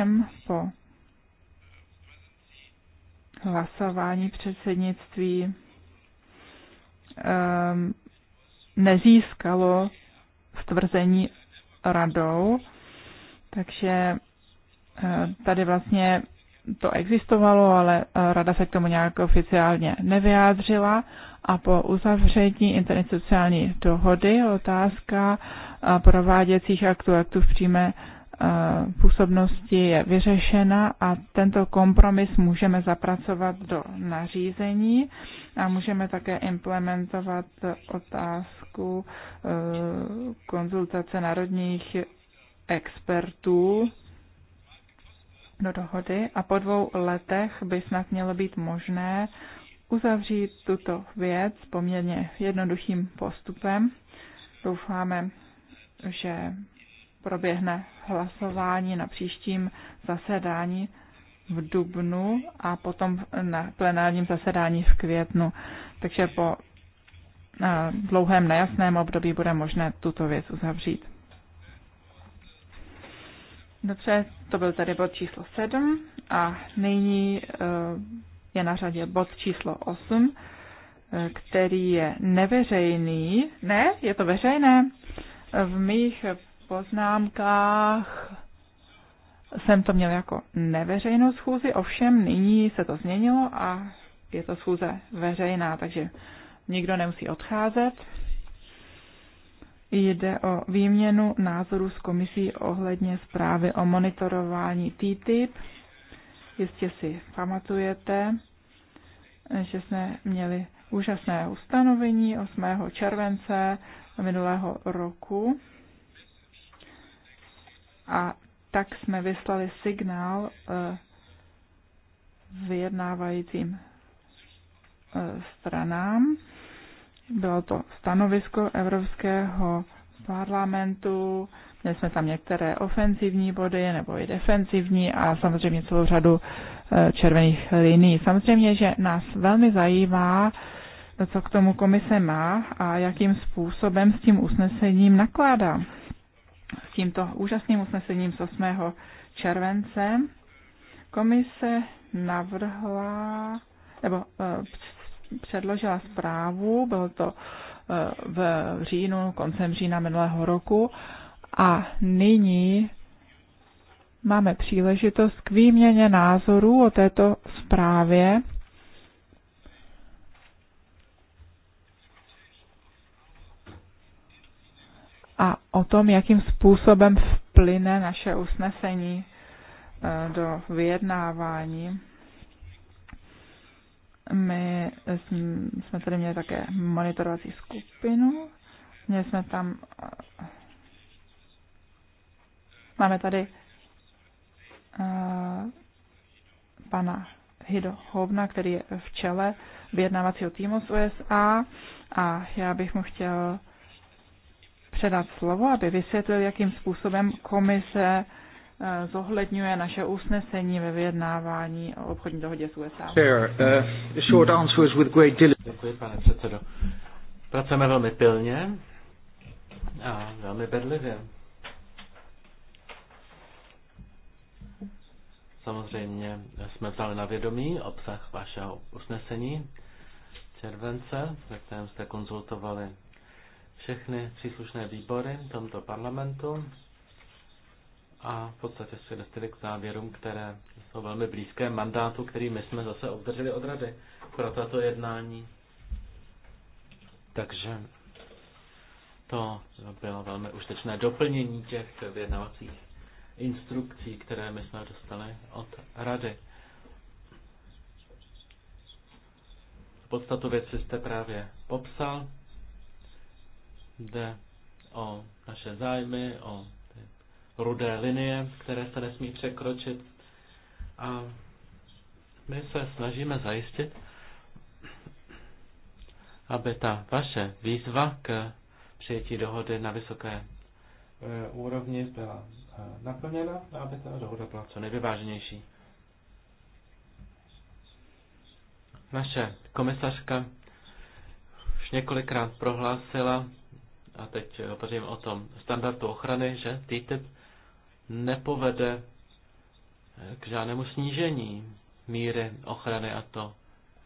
Ovšem po hlasování předsednictví um, nezískalo stvrzení radou, takže eh, tady vlastně to existovalo, ale eh, rada se k tomu nějak oficiálně nevyjádřila a po uzavření interinstitucionální dohody otázka eh, prováděcích aktů, aktů v přímé působnosti je vyřešena a tento kompromis můžeme zapracovat do nařízení a můžeme také implementovat otázku eh, konzultace národních expertů do dohody a po dvou letech by snad mělo být možné uzavřít tuto věc poměrně jednoduchým postupem. Doufáme, že proběhne hlasování na příštím zasedání v dubnu a potom na plenárním zasedání v květnu. Takže po eh, dlouhém nejasném období bude možné tuto věc uzavřít. Dobře, to byl tady bod číslo 7 a nyní eh, je na řadě bod číslo 8, eh, který je neveřejný. Ne, je to veřejné. V mých poznámkách jsem to měl jako neveřejnou schůzi, ovšem nyní se to změnilo a je to schůze veřejná, takže nikdo nemusí odcházet. Jde o výměnu názorů s komisí ohledně zprávy o monitorování TTIP. Jistě si pamatujete, že jsme měli úžasné ustanovení 8. července minulého roku a tak jsme vyslali signál eh, vyjednávajícím eh, stranám. Bylo to stanovisko Evropského parlamentu, měli jsme tam některé ofenzivní body nebo i defenzivní a samozřejmě celou řadu eh, červených linií. Samozřejmě, že nás velmi zajímá, co k tomu komise má a jakým způsobem s tím usnesením nakládá s tímto úžasným usnesením z 8. července. Komise navrhla nebo eh, předložila zprávu, bylo to eh, v říjnu, koncem října minulého roku a nyní máme příležitost k výměně názorů o této zprávě a o tom, jakým způsobem vplyne naše usnesení e, do vyjednávání. My jsme tady měli také monitorovací skupinu, měli jsme tam, e, máme tady e, pana Hido Hovna, který je v čele vyjednávacího týmu z USA a já bych mu chtěl předat slovo, aby vysvětlil, jakým způsobem komise eh, zohledňuje naše usnesení ve vyjednávání o obchodní dohodě s USA. Eh, Děkuji, pane předsedo. Pracujeme velmi pilně a velmi bedlivě. Samozřejmě jsme vzali na vědomí obsah vašeho usnesení července, ve kterém jste konzultovali všechny příslušné výbory tomto parlamentu a v podstatě se dostali k závěrům, které jsou velmi blízké mandátu, který my jsme zase obdrželi od Rady pro tato jednání. Takže to bylo velmi užitečné doplnění těch vyjednávacích instrukcí, které my jsme dostali od Rady. Podstatu věci jste právě popsal. Jde o naše zájmy, o ty rudé linie, které se nesmí překročit. A my se snažíme zajistit, aby ta vaše výzva k přijetí dohody na vysoké e, úrovni byla e, naplněna a aby ta dohoda byla co nejvyváženější. Naše komisařka už několikrát prohlásila, a teď hovořím o tom standardu ochrany, že TTIP nepovede k žádnému snížení míry ochrany a to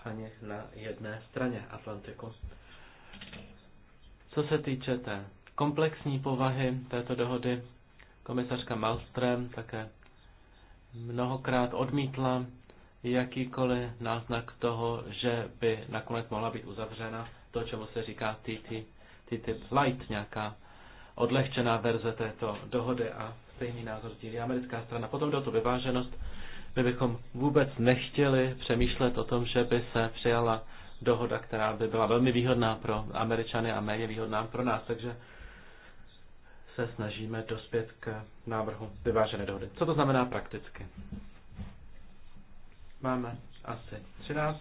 ani na jedné straně Atlantiku. Co se týče té komplexní povahy této dohody, komisařka Malmström také mnohokrát odmítla jakýkoliv náznak toho, že by nakonec mohla být uzavřena to, čemu se říká TTIP TTIP Light, nějaká odlehčená verze této dohody a stejný názor sdílí americká strana. Potom jde o tu vyváženost. My bychom vůbec nechtěli přemýšlet o tom, že by se přijala dohoda, která by byla velmi výhodná pro Američany a méně výhodná pro nás, takže se snažíme dospět k návrhu vyvážené dohody. Co to znamená prakticky? Máme asi 13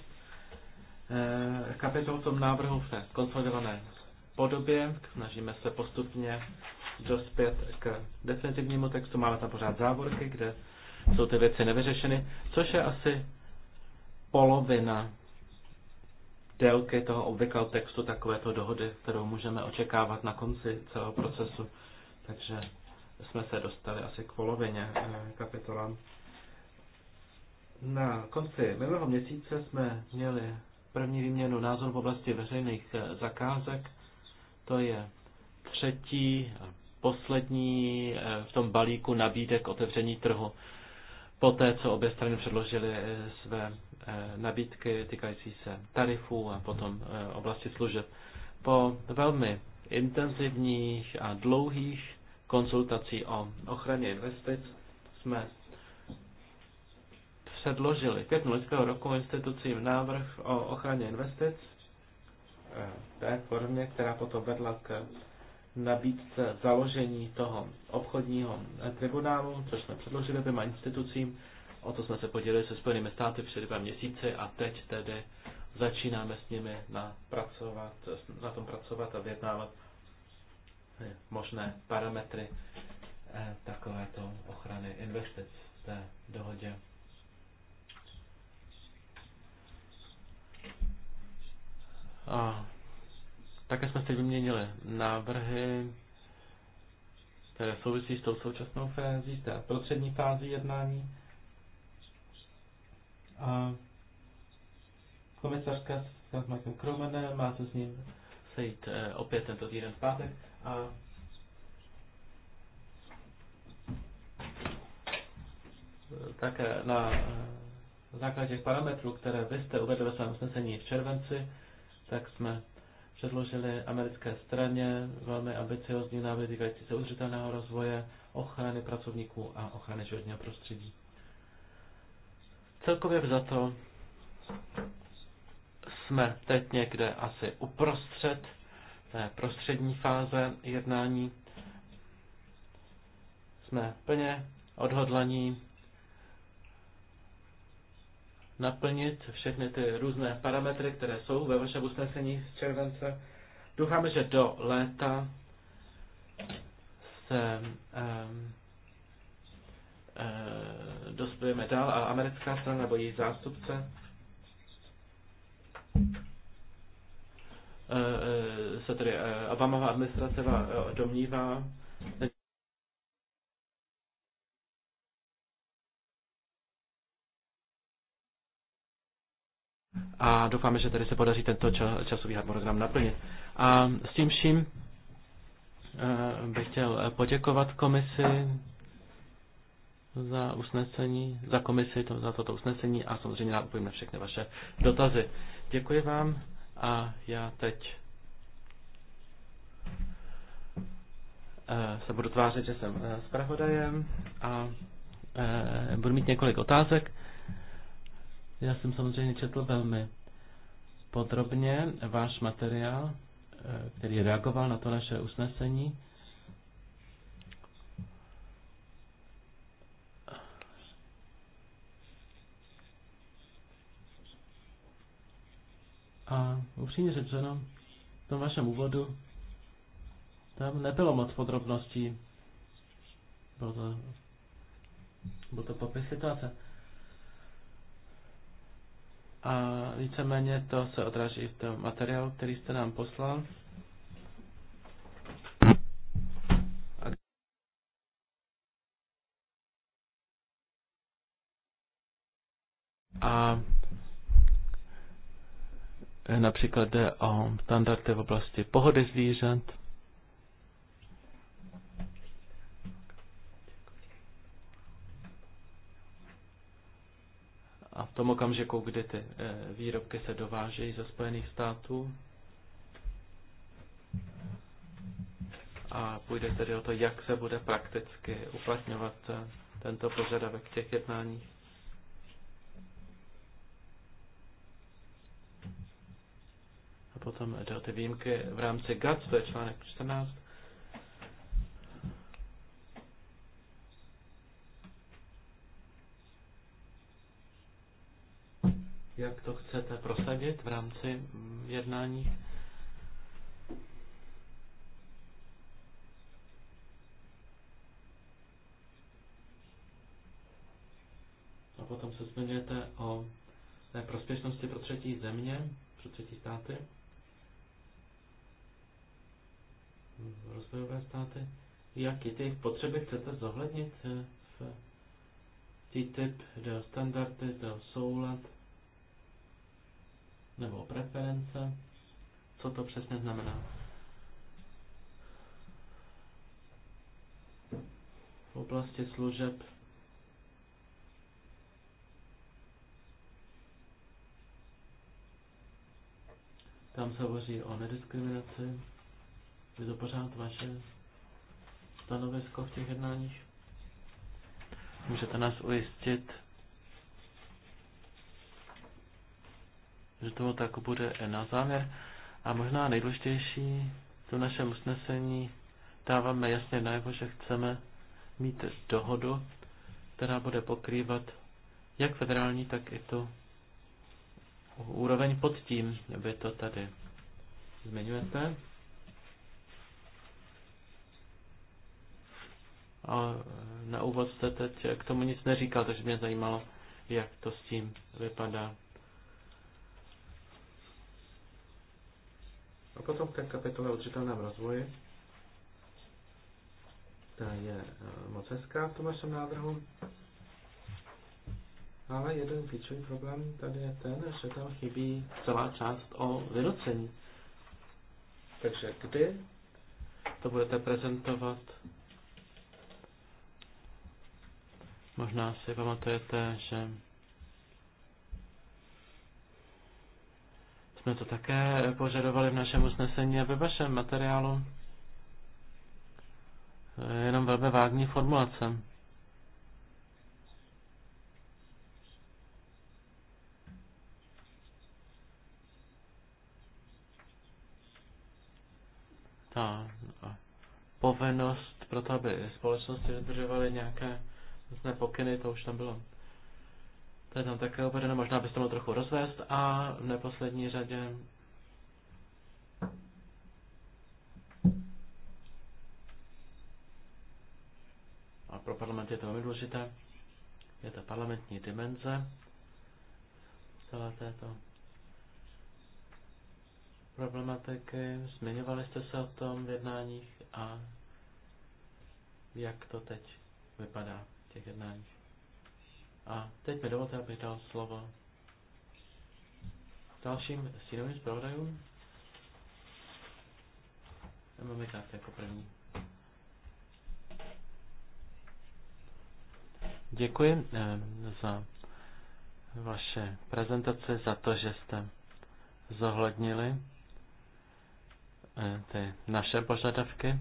eh, kapitol v tom návrhu v té konsolidované podobě. Snažíme se postupně dospět k definitivnímu textu. Máme tam pořád závorky, kde jsou ty věci nevyřešeny, což je asi polovina délky toho obvyklého textu takovéto dohody, kterou můžeme očekávat na konci celého procesu. Takže jsme se dostali asi k polovině eh, kapitolám. Na konci minulého měsíce jsme měli první výměnu názor v oblasti veřejných eh, zakázek. To je třetí a poslední eh, v tom balíku nabídek otevření trhu. Poté, co obě strany předložily eh, své eh, nabídky týkající se tarifů a potom oblasti služeb. Po velmi intenzivních a dlouhých konzultací o ochraně investic jsme předložili 5. květnu roku institucím návrh o ochraně investic Eh, té formě, která potom vedla k nabídce založení toho obchodního eh, tribunálu, což jsme předložili oběma institucím. O to jsme se podělili se Spojenými státy před dva měsíci a teď tedy začínáme s nimi na, pracovat, na tom pracovat a vyjednávat eh, možné parametry takovéto ochrany investic v té dohodě. A také jsme si vyměnili návrhy, které souvisí s tou současnou fází, té prostřední fází jednání. A komisařka s Markem Kromenem má se s ním sejít eh, opět tento týden v pátek. A také na eh, základě těch parametrů, které vy jste uvedli ve svém usnesení v červenci, tak jsme předložili americké straně velmi ambiciozní návrhy týkající se udržitelného rozvoje, ochrany pracovníků a ochrany životního prostředí. Celkově za to jsme teď někde asi uprostřed té prostřední fáze jednání. Jsme plně odhodlaní naplnit všechny ty různé parametry, které jsou ve vašem usnesení z července. Doufáme, že do léta se um, um, dospějeme dál a americká strana nebo její zástupce eh, eh, se tedy Obamová administrativa domnívá, a doufáme, že tady se podaří tento časový harmonogram naplnit. A s tím vším eh, bych chtěl poděkovat komisi za usnesení, za komisi to, za toto usnesení a samozřejmě odpovím na všechny vaše dotazy. Děkuji vám a já teď eh, se budu tvářit, že jsem eh, zpravodajem a budu mít několik otázek. Já jsem samozřejmě četl velmi podrobně váš materiál, eh, který reagoval na to naše usnesení. A upřímně řečeno, v tom vašem úvodu tam nebylo moc podrobností. Bylo to, bylo to popis situace. A víceméně to se odráží v tom materiálu, který jste nám poslal. A například jde o standardy v oblasti pohody zvířat, A v tom okamžiku, kdy ty eh, výrobky se dovážejí ze Spojených států, a půjde tedy o to, jak se bude prakticky uplatňovat eh, tento požadavek těch jednáních. A potom jde o ty výjimky v rámci GATS, to je článek 14. jak to chcete prosadit v rámci mm, jednání? A potom se zmiňujete o té prospěšnosti pro třetí země, pro třetí státy, rozvojové státy. Jaký ty potřeby chcete zohlednit eh, v TTIP, do standardy, do soulad, nebo preference. Co to přesně znamená? V oblasti služeb tam se hovoří o nediskriminaci. Je to pořád vaše stanovisko v těch jednáních? Můžete nás ujistit, že to tak bude na závěr. A možná nejdůležitější v našem usnesení dáváme jasně najevo, že chceme mít dohodu, která bude pokrývat jak federální, tak i tu úroveň pod tím, aby to tady zmiňujete. A na úvod jste teď k tomu nic neříkal, takže mě zajímalo, jak to s tím vypadá. A potom ten kapitola o udržitelném rozvoji. Ta je e, moc hezká v tom vašem návrhu. Ale jeden klíčový problém tady je ten, že tam chybí celá část o vynucení. Takže kdy to budete prezentovat? Možná si pamatujete, že jsme to také požadovali v našem usnesení a ve vašem materiálu. Jenom velmi vágní formulace. Ta povinnost pro to, aby společnosti dodržovaly nějaké pokyny, to už tam bylo. To je tam také uvedeno, možná byste mohl trochu rozvést a v neposlední řadě a pro parlament je to velmi důležité, je to parlamentní dimenze celé této problematiky. Zmiňovali jste se o tom v jednáních a jak to teď vypadá v těch jednáních. A teď mi dovolte, abych dal slovo dalším sínovým zpravodajům. Máme karty jako první. Děkuji eh, za vaše prezentace, za to, že jste zohlednili eh, ty naše požadavky.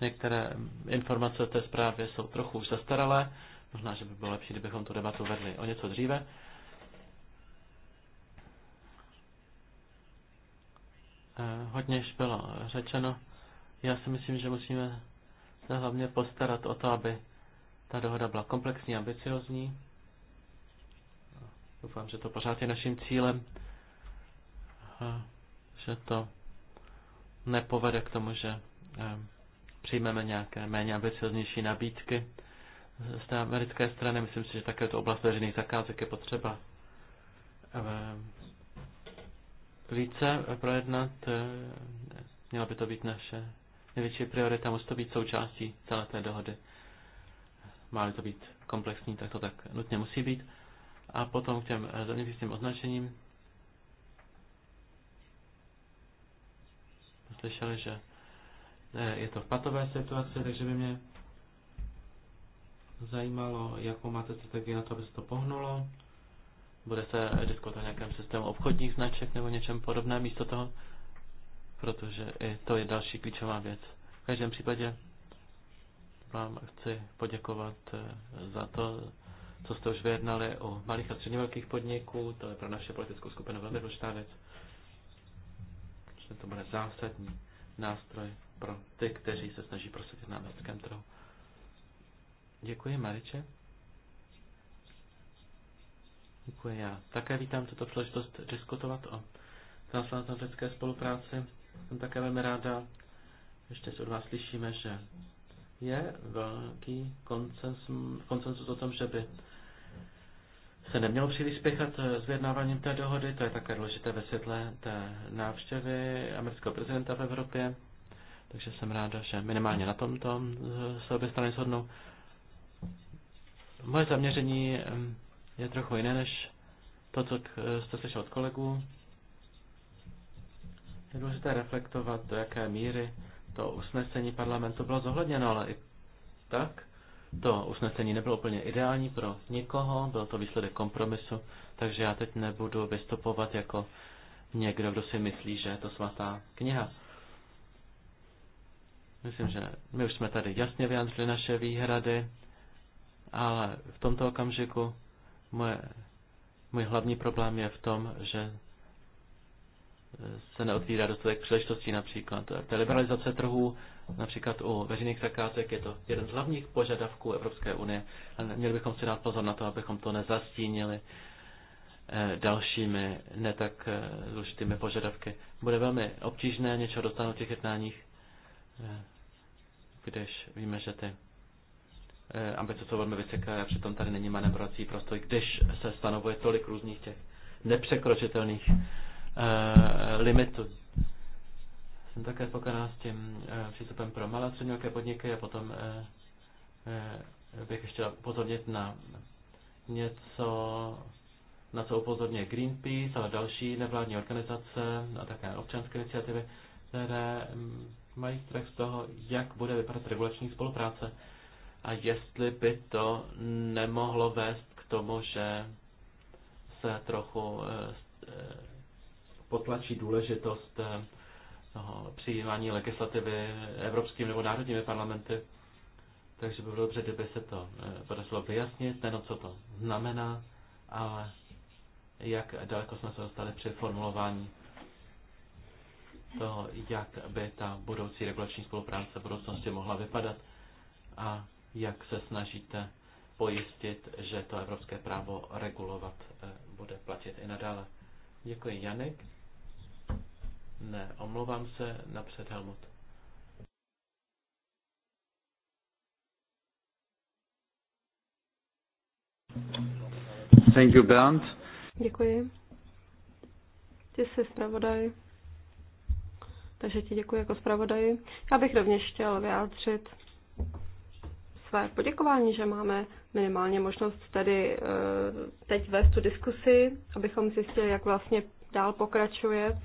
Některé informace o té zprávě jsou trochu už zastaralé. Možná, že by bylo lepší, kdybychom tu debatu vedli o něco dříve. Eh, hodně již bylo řečeno. Já si myslím, že musíme se hlavně postarat o to, aby ta dohoda byla komplexní, ambiciozní. Doufám, že to pořád je naším cílem, eh, že to nepovede k tomu, že eh, přijmeme nějaké méně ambicioznější nabídky z té americké strany. Myslím si, že také to oblast veřejných zakázek je potřeba eh, více projednat. Eh, měla by to být naše největší priorita, musí to být součástí celé té dohody. má to být komplexní, tak to tak nutně musí být. A potom k těm eh, zeměpisným označením. Slyšeli, že Eh, je to v patové situaci, takže by mě zajímalo, jakou máte strategii na to, aby se to pohnulo. Bude se diskutovat o nějakém systému obchodních značek nebo něčem podobném místo toho, protože i to je další klíčová věc. V každém případě vám chci poděkovat eh, za to, co jste už vyjednali o malých a středně velkých podniků. To je pro naše politickou skupinu velmi důležitá věc. Že to bude zásadní nástroj pro ty, kteří se snaží prosadit na americkém trhu. Děkuji, Mariče. Děkuji. Já také vítám tuto příležitost diskutovat o transatlantické spolupráci. Jsem také velmi ráda, ještě od vás slyšíme, že je velký konsensus o tom, že by se nemělo příliš spěchat s vyjednáváním té dohody. To je také důležité ve světle té návštěvy amerického prezidenta v Evropě. Takže jsem ráda, že minimálně na tomto eh, se obě strany shodnou. Moje zaměření je trochu jiné než to, co eh, jste slyšel od kolegů. Je důležité reflektovat, do jaké míry to usnesení parlamentu bylo zohledněno, ale i tak to usnesení nebylo úplně ideální pro nikoho, byl to výsledek kompromisu, takže já teď nebudu vystupovat jako někdo, kdo si myslí, že je to svatá kniha. Myslím, že my už jsme tady jasně vyjádřili naše výhrady, ale v tomto okamžiku moje, můj hlavní problém je v tom, že se neotvírá dostatek příležitostí například. Ta liberalizace trhů například u veřejných zakázek je to jeden z hlavních požadavků Evropské unie. Měli bychom si dát pozor na to, abychom to nezastínili eh, dalšími ne tak eh, důležitými požadavky. Bude velmi obtížné něčeho dostat v těch jednáních eh, když víme, že ty eh, ambice jsou velmi vysoké a přitom tady není manevrací prostor, když se stanovuje tolik různých těch nepřekročitelných eh, limitů. Jsem také spokojená s tím eh, přístupem pro malé střední velké podniky a potom bych chtěla pozornit na něco, na co upozorně Greenpeace, ale další nevládní organizace a také občanské iniciativy, které mm, mají strach z toho, jak bude vypadat regulační spolupráce a jestli by to nemohlo vést k tomu, že se trochu eh, eh, potlačí důležitost eh, toho přijímání legislativy evropským nebo národními parlamenty. Takže by bylo dobře, kdyby se to podařilo vyjasnit, nejenom co to znamená, ale jak daleko jsme se dostali při formulování to, jak by ta budoucí regulační spolupráce v budoucnosti mohla vypadat a jak se snažíte pojistit, že to evropské právo regulovat eh, bude platit i nadále. Děkuji, Janek. Ne, omlouvám se napřed Helmut. Thank you, Bernd. Děkuji. Ty jsi zpravodaj takže ti děkuji jako zpravodaji. Já bych rovněž chtěl vyjádřit své poděkování, že máme minimálně možnost tady eh, teď vést tu diskusi, abychom zjistili, jak vlastně dál pokračuje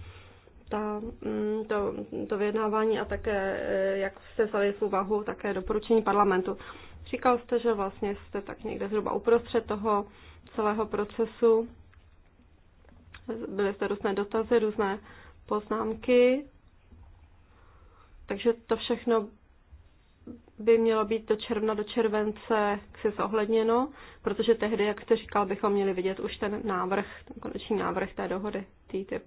ta, mm, to, to vyjednávání a také, eh, jak jste vzali v úvahu, také doporučení parlamentu. Říkal jste, že vlastně jste tak někde zhruba uprostřed toho celého procesu. Byly zde různé dotazy, různé poznámky takže to všechno by mělo být do června, do července se zohledněno, protože tehdy, jak jste říkal, bychom měli vidět už ten návrh, ten konečný návrh té dohody, TTIP.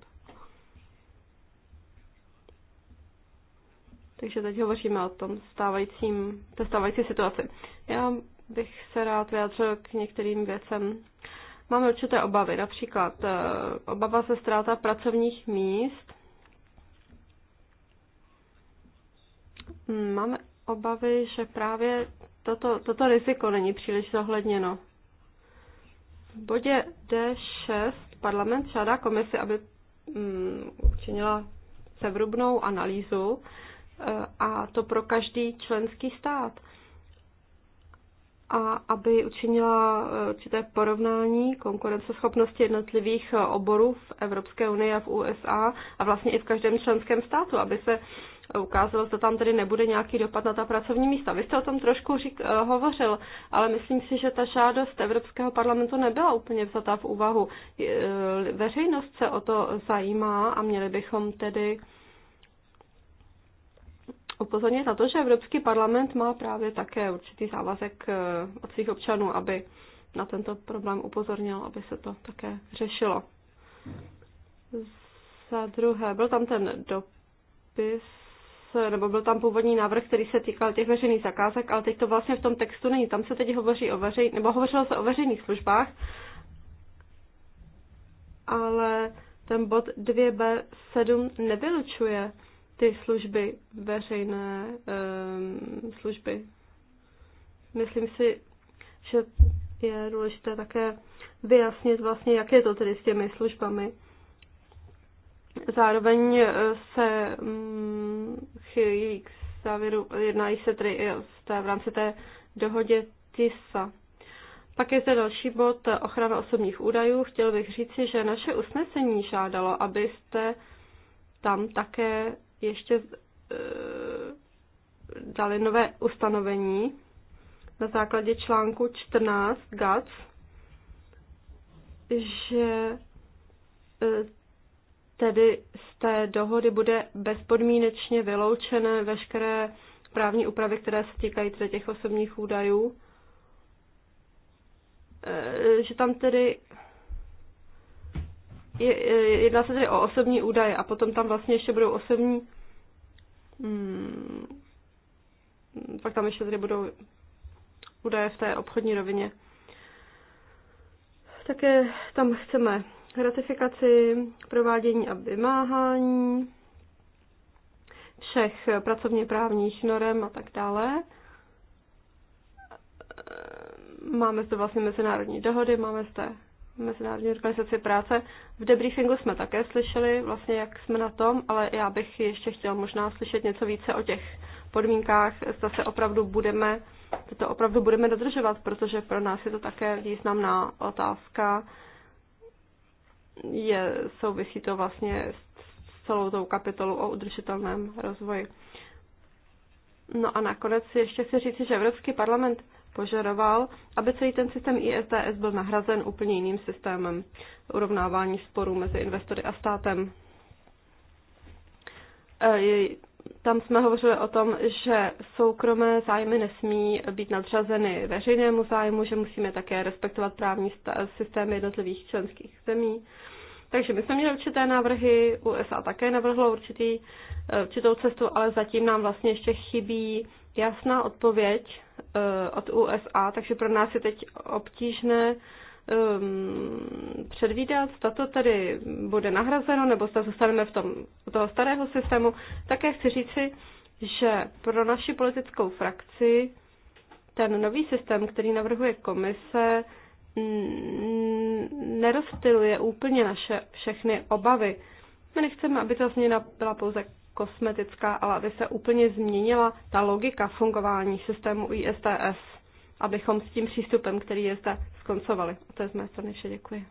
Takže teď hovoříme o tom stávajícím, té stávající situaci. Já bych se rád vyjádřil k některým věcem. Máme určité obavy, například eh, obava ze ztráta pracovních míst, Máme obavy, že právě toto, toto riziko není příliš zohledněno. V bodě D6 parlament žádá komisi, aby mm, učinila sevrubnou analýzu eh, a to pro každý členský stát. A aby učinila eh, určité porovnání konkurenceschopnosti jednotlivých eh, oborů v Evropské unii a v USA a vlastně i v každém členském státu, aby se ukázalo, že tam tedy nebude nějaký dopad na ta pracovní místa. Vy jste o tom trošku řík, eh, hovořil, ale myslím si, že ta žádost Evropského parlamentu nebyla úplně vzata v úvahu. Eh, veřejnost se o to zajímá a měli bychom tedy upozornit na to, že Evropský parlament má právě také určitý závazek eh, od svých občanů, aby na tento problém upozornil, aby se to také řešilo. Za druhé, byl tam ten dopis nebo byl tam původní návrh, který se týkal těch veřejných zakázek, ale teď to vlastně v tom textu není. Tam se teď hovoří o veřej, nebo hovořilo se o veřejných službách, ale ten bod 2b7 nevylučuje ty služby, veřejné um, služby. Myslím si, že je důležité také vyjasnit vlastně, jak je to tedy s těmi službami. Zároveň eh, se mm, chýlí k závěru, jednají se tedy i v rámci té dohodě TISA. Pak je zde další bod eh, ochrana osobních údajů. Chtěl bych říci, že naše usnesení žádalo, abyste tam také ještě eh, dali nové ustanovení na základě článku 14 GATS, že tedy z té dohody bude bezpodmínečně vyloučené veškeré právní úpravy, které se týkají tedy těch osobních údajů. Eh, že tam tedy eh, jedná se tedy o osobní údaje a potom tam vlastně ještě budou osobní hmm, pak tam ještě tedy budou údaje v té obchodní rovině. Také tam chceme ratifikaci, provádění a vymáhání všech pracovně právních norem a tak dále. Máme zde vlastně mezinárodní dohody, máme zde Mezinárodní organizaci práce. V debriefingu jsme také slyšeli, vlastně jak jsme na tom, ale já bych ještě chtěl možná slyšet něco více o těch podmínkách, zda se opravdu budeme, to opravdu budeme dodržovat, protože pro nás je to také významná otázka je, souvisí to vlastně s celou tou kapitolou o udržitelném rozvoji. No a nakonec ještě si říci, že Evropský parlament požadoval, aby celý ten systém ISDS byl nahrazen úplně jiným systémem urovnávání sporů mezi investory a státem e, tam jsme hovořili o tom, že soukromé zájmy nesmí být nadřazeny veřejnému zájmu, že musíme také respektovat právní systémy jednotlivých členských zemí. Takže my jsme měli určité návrhy, USA také navrhlo určitý, eh, určitou cestu, ale zatím nám vlastně ještě chybí jasná odpověď eh, od USA, takže pro nás je teď obtížné um, předvídat, zda to tedy bude nahrazeno, nebo zda zůstaneme v tom, u toho starého systému, také chci říci, že pro naši politickou frakci ten nový systém, který navrhuje komise, nerozptiluje úplně naše všechny obavy. My nechceme, aby ta změna byla pouze kosmetická, ale aby se úplně změnila ta logika fungování systému ISTS, abychom s tím přístupem, který je zde skoncovali. A to je z mé strany vše. Děkuji.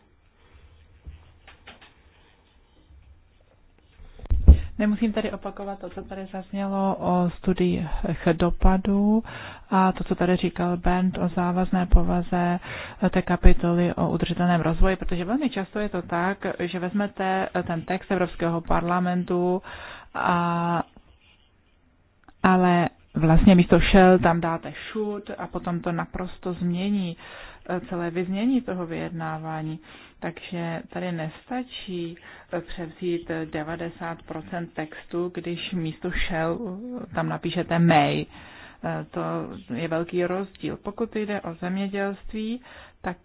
Nemusím tady opakovat to, co tady zaznělo o studiích dopadů a to, co tady říkal Bent o závazné povaze té kapitoly o udržitelném rozvoji, protože velmi často je to tak, že vezmete ten text Evropského parlamentu a ale vlastně místo šel tam dáte šut a potom to naprosto změní celé vyznění toho vyjednávání. Takže tady nestačí eh, převzít 90% textu, když místo shell eh, tam napíšete may. Eh, to je velký rozdíl. Pokud jde o zemědělství, tak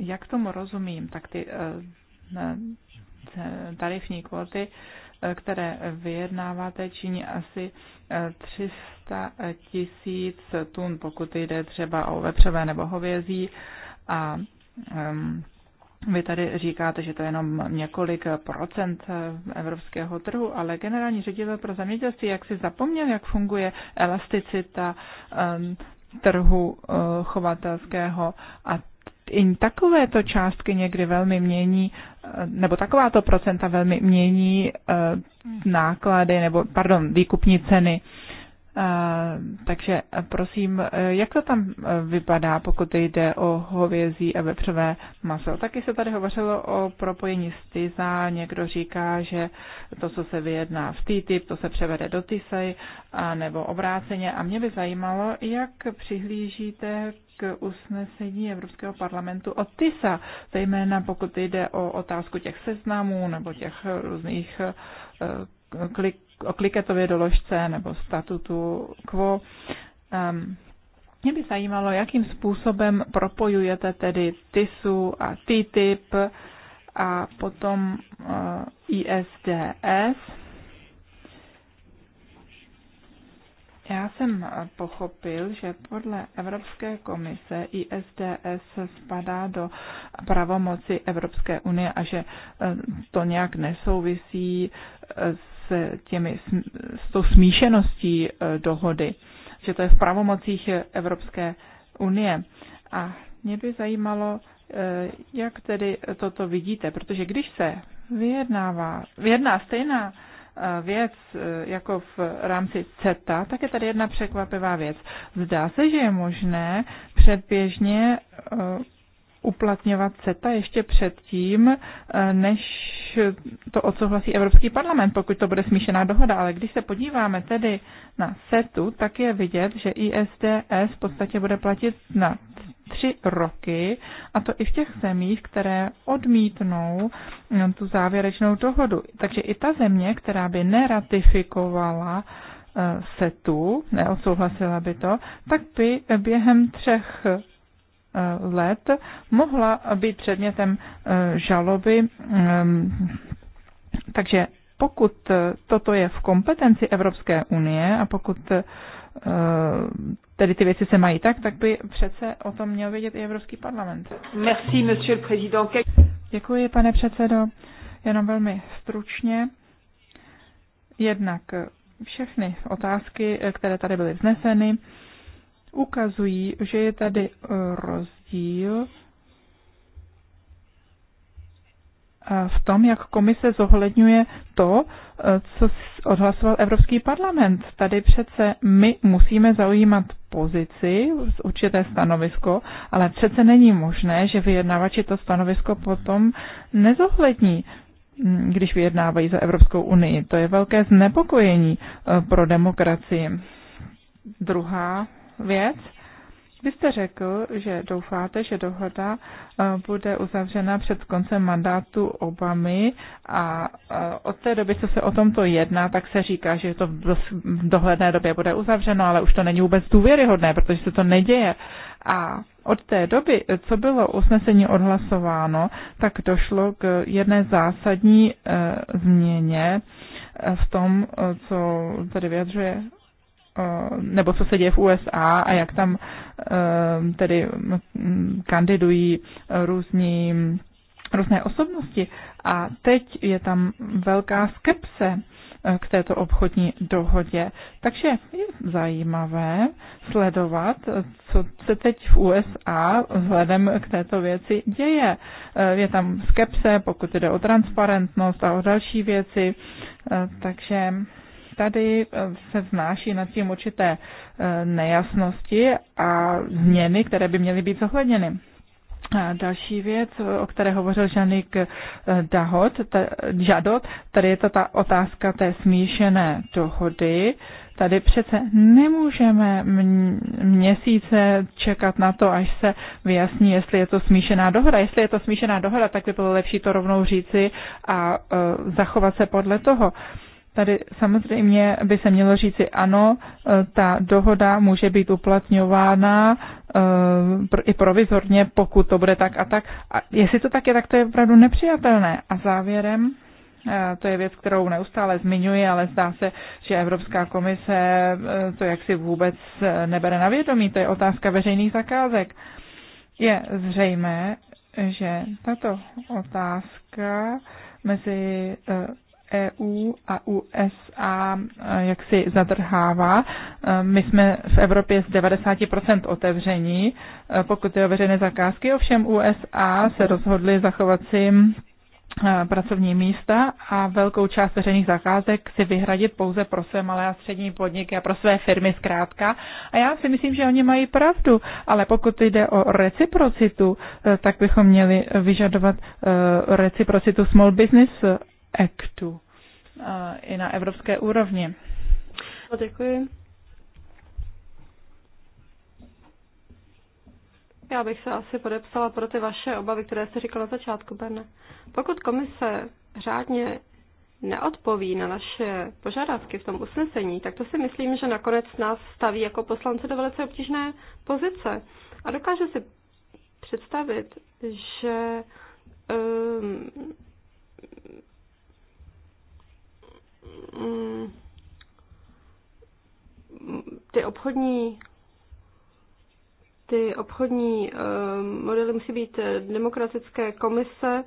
jak tomu rozumím, tak ty tarifní kvóty které vyjednáváte, činí asi 300 eh, tisíc tun, pokud jde třeba o vepřové nebo hovězí. A um, vy tady říkáte, že to je jenom několik procent eh, evropského trhu, ale generální ředitel pro zemědělství, jak si zapomněl, jak funguje elasticita um, trhu eh, chovatelského a i takovéto částky někdy velmi mění, eh, nebo takováto procenta velmi mění eh, náklady, nebo, pardon, výkupní ceny. Eh, takže prosím, jak to tam vypadá, pokud jde o hovězí a vepřové maso? Taky se tady hovořilo o propojení s TISA, někdo říká, že to, co se vyjedná v TTIP, to se převede do TISA, nebo obráceně. A mě by zajímalo, jak přihlížíte k usnesení Evropského parlamentu od TISA, zejména pokud jde o otázku těch seznamů nebo těch různých eh, klik, o kliketově doložce nebo statutu quo. Ehm, mě by zajímalo, jakým způsobem propojujete tedy TISu a TTIP a potom eh, ISDS Já jsem eh, pochopil, že podle Evropské komise ISDS spadá do pravomoci Evropské unie a že eh, to nějak nesouvisí eh, s, těmi, s tou smíšeností dohody, že to je v pravomocích Evropské unie. A mě by zajímalo, jak tedy toto vidíte, protože když se vyjednává, vyjedná stejná E, věc e, jako v rámci CETA, tak je tady jedna překvapivá věc. Zdá se, že je možné předběžně e, uplatňovat CETA ještě předtím, než to odsouhlasí Evropský parlament, pokud to bude smíšená dohoda. Ale když se podíváme tedy na CETu, tak je vidět, že ISDS v podstatě bude platit na tři roky, a to i v těch zemích, které odmítnou eh, tu závěrečnou dohodu. Takže i ta země, která by neratifikovala eh, setu, neodsouhlasila by to, tak by během třech eh, let mohla být předmětem žaloby. Ehm, takže pokud toto je v kompetenci Evropské unie a pokud Eh, tedy ty věci se mají tak, tak by přece o tom měl vědět i Evropský parlament. Merci, monsieur le président. Děkuji, pane předsedo. Jenom velmi stručně. Jednak všechny otázky, eh, které tady byly vzneseny, ukazují, že je tady rozdíl v tom, jak komise zohledňuje to, eh, co odhlasoval Evropský parlament. Tady přece my musíme zaujímat pozici, určité stanovisko, ale přece není možné, že vyjednavači to stanovisko potom nezohlední hm, když vyjednávají za Evropskou unii. To je velké znepokojení eh, pro demokracii. Druhá věc, vy jste řekl, že doufáte, že dohoda eh, bude uzavřena před koncem mandátu Obamy a eh, od té doby, co se o tomto jedná, tak se říká, že to v dohledné době bude uzavřeno, ale už to není vůbec důvěryhodné, protože se to neděje. A od té doby, co bylo usnesení odhlasováno, tak došlo k jedné zásadní eh, změně v tom, co tady vyjadřuje Eh, nebo co se děje v USA a jak tam eh, tedy mm, kandidují eh, různí různé osobnosti. A teď je tam velká skepse k této obchodní dohodě. Takže je zajímavé sledovat, co se teď v USA vzhledem k této věci děje. Je tam skepse, pokud jde o transparentnost a o další věci, takže tady eh, se vznáší nad tím určité eh, nejasnosti a změny, které by měly být zohledněny. A další věc, o které hovořil Žanik eh, Dahot, ta, Žadot, tady je to ta otázka té smíšené dohody. Tady přece nemůžeme měsíce čekat na to, až se vyjasní, jestli je to smíšená dohoda. Jestli je to smíšená dohoda, tak by bylo lepší to rovnou říci a uh, zachovat se podle toho. Uh, Tady samozřejmě by se mělo říci ano, e, ta dohoda může být uplatňována e, i provizorně, pokud to bude tak a tak. A jestli to tak je, tak to je opravdu nepřijatelné. A závěrem, e, to je věc, kterou neustále zmiňuji, ale zdá se, že Evropská komise to jaksi vůbec nebere na vědomí. To je otázka veřejných zakázek. Je zřejmé, že tato otázka mezi EU a USA e, jaksi zadrhává. E, my jsme v Evropě z 90% otevření, e, pokud je o veřejné zakázky, ovšem USA se rozhodly zachovat si pracovní místa a velkou část veřejných zakázek si vyhradit pouze pro své malé a střední podniky a pro své firmy zkrátka. A já si myslím, že oni mají pravdu, ale pokud jde o reciprocitu, tak bychom měli vyžadovat reciprocitu Small Business Actu eh, i na evropské úrovni. No, děkuji. Já bych se asi podepsala pro ty vaše obavy, které jste říkala na začátku, Berne. Pokud komise řádně neodpoví na naše požadavky v tom usnesení, tak to si myslím, že nakonec nás staví jako poslance do velice obtížné pozice. A dokáže si představit, že um, Mm, ty obchodní ty obchodní eh, modely musí být eh, demokratické komise,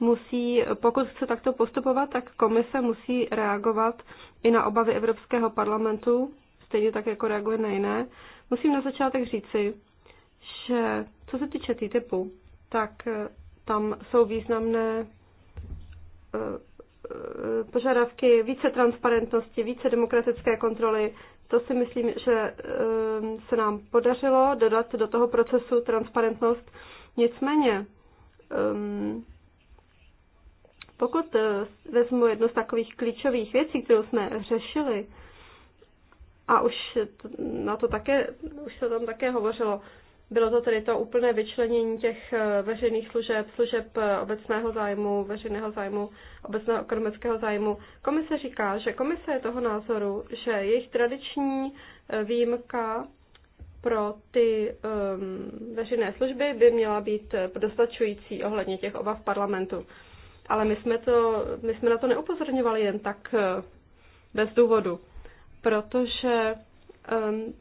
musí, pokud chce takto postupovat, tak komise musí reagovat i na obavy Evropského parlamentu, stejně tak, jako reaguje na jiné. Musím na začátek říci, že co se týče TTIPu, tak eh, tam jsou významné požadavky více transparentnosti, více demokratické kontroly. To si myslím, že ehm, se nám podařilo dodat do toho procesu transparentnost. Nicméně, ehm, pokud eh, vezmu jednu z takových klíčových věcí, kterou jsme řešili, a už na to také, už se tam také hovořilo, bylo to tedy to úplné vyčlenění těch eh, veřejných služeb, služeb eh, obecného zájmu, veřejného zájmu, obecného ekonomického zájmu. Komise říká, že komise je toho názoru, že jejich tradiční eh, výjimka pro ty um, veřejné služby by měla být dostačující ohledně těch obav parlamentu. Ale my jsme, to, my jsme na to neupozorňovali jen tak bez důvodu, protože um,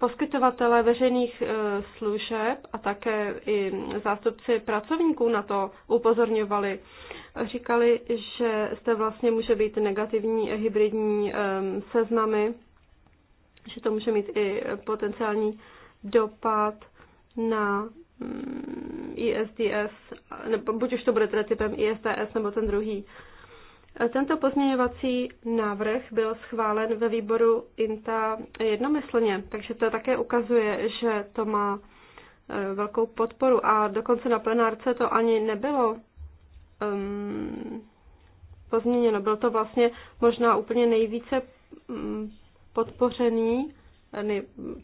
poskytovatelé veřejných e, služeb a také i zástupci pracovníků na to upozorňovali. Říkali, že zde vlastně může být negativní hybridní seznamy, že to může mít i potenciální dopad na mm, ISDS, nebo buď už to bude teda typem ISTS nebo ten druhý. Tento pozměňovací návrh byl schválen ve výboru INTA jednomyslně, takže to také ukazuje, že to má e, velkou podporu a dokonce na plenárce to ani nebylo um, pozměněno. Byl to vlastně možná úplně nejvíce um, podpořený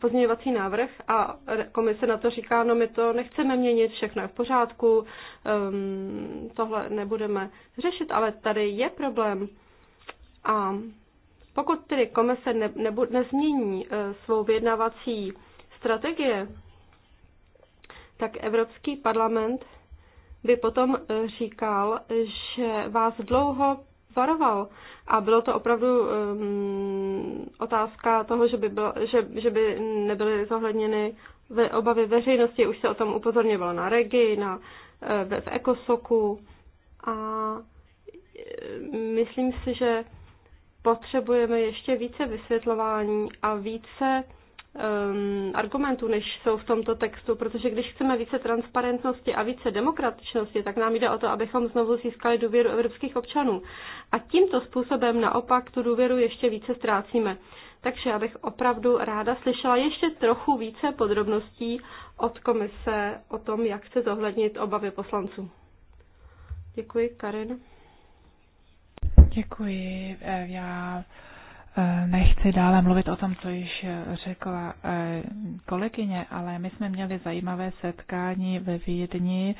pozměňovací návrh a komise na to říká, no my to nechceme měnit, všechno je v pořádku, um, tohle nebudeme řešit, ale tady je problém. A pokud tedy komise ne, nebu, nezmění uh, svou vyjednávací strategie, tak Evropský parlament by potom e, říkal, že vás dlouho varoval. A bylo to opravdu um, otázka toho, že by, bylo, že, že by nebyly zohledněny ve obavy veřejnosti. Už se o tom upozorňovalo na regi, na, eh, v, v ekosoku. A eh, myslím si, že potřebujeme ještě více vysvětlování a více um, argumentů, než jsou v tomto textu, protože když chceme více transparentnosti a více demokratičnosti, tak nám jde o to, abychom znovu získali důvěru evropských občanů. A tímto způsobem naopak tu důvěru ještě více ztrácíme. Takže já bych opravdu ráda slyšela ještě trochu více podrobností od komise o tom, jak chce zohlednit obavy poslanců. Děkuji, Karin. Děkuji. Já Eh, nechci dále mluvit o tom, co již eh, řekla eh, kolegyně, ale my jsme měli zajímavé setkání ve Vídni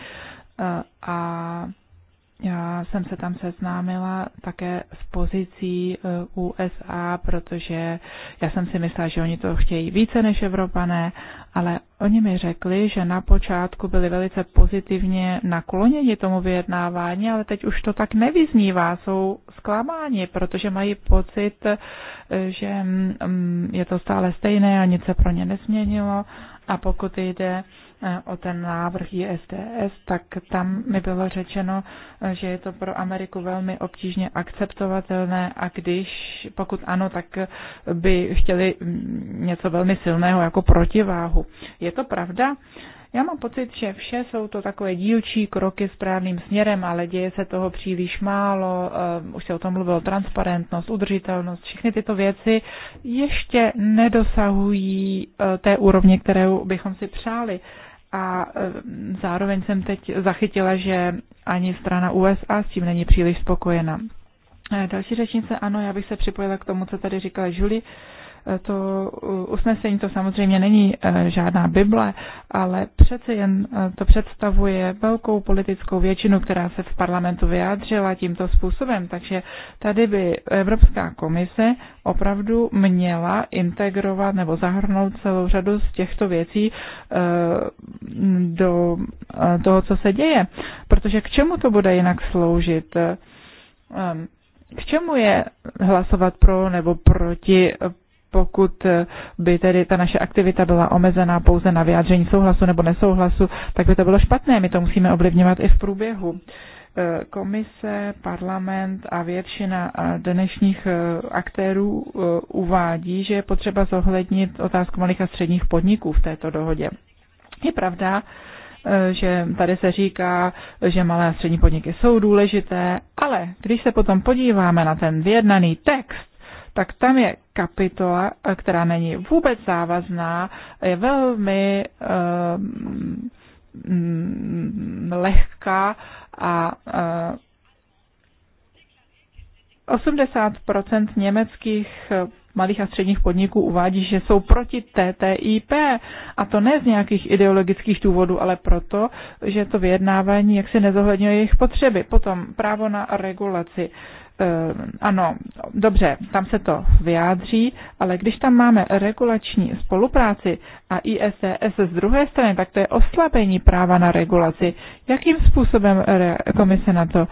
a já jsem se tam seznámila také s pozicí eh, USA, protože já jsem si myslela, že oni to chtějí více než Evropané, ale oni mi řekli, že na počátku byli velice pozitivně nakloněni tomu vyjednávání, ale teď už to tak nevyznívá, jsou zklamáni, protože mají pocit, eh, že mm, mm, je to stále stejné a nic se pro ně nesměnilo. A pokud jde Eh, o ten návrh ISDS, tak tam mi bylo řečeno, eh, že je to pro Ameriku velmi obtížně akceptovatelné a když, pokud ano, tak by chtěli mm, něco velmi silného jako protiváhu. Je to pravda? Já mám pocit, že vše jsou to takové dílčí kroky správným směrem, ale děje se toho příliš málo. Eh, už se o tom mluvilo, transparentnost, udržitelnost, všechny tyto věci ještě nedosahují té úrovně, kterou bychom si přáli a e, zároveň jsem teď zachytila, že ani strana USA s tím není příliš spokojena. E, další řečnice, ano, já bych se připojila k tomu, co tady říkala Julie. E, to usnesení to samozřejmě není žádná Bible, ale přece jen to představuje velkou politickou většinu, která se v parlamentu vyjádřila tímto způsobem. Takže tady by Evropská komise opravdu měla integrovat nebo zahrnout celou řadu z těchto věcí do eh, toho, co se děje. Protože k čemu to bude jinak sloužit? Ehm, k čemu je hlasovat pro nebo proti, pokud eh, by tedy ta naše aktivita byla omezená pouze na vyjádření souhlasu nebo nesouhlasu, tak by to bylo špatné. My to musíme ovlivňovat i v průběhu. Eh, komise, parlament a většina dnešních aktérů uvádí, že je potřeba zohlednit otázku malých a středních podniků v této dohodě. Je pravda, eh, že tady se říká, že malé a střední podniky jsou důležité, ale když se potom podíváme na ten vyjednaný text, tak tam je kapitola, eh, která není vůbec závazná, je velmi um, lehká a uh, 80 německých malých a středních podniků uvádí, že jsou proti TTIP. A to ne z nějakých ideologických důvodů, ale proto, že to vyjednávání jaksi nezohledňuje jejich potřeby. Potom právo na regulaci ehm, ano, dobře, tam se to vyjádří, ale když tam máme regulační spolupráci a ISS, e z druhé strany, tak to je oslabení práva na regulaci. Jakým způsobem komise na to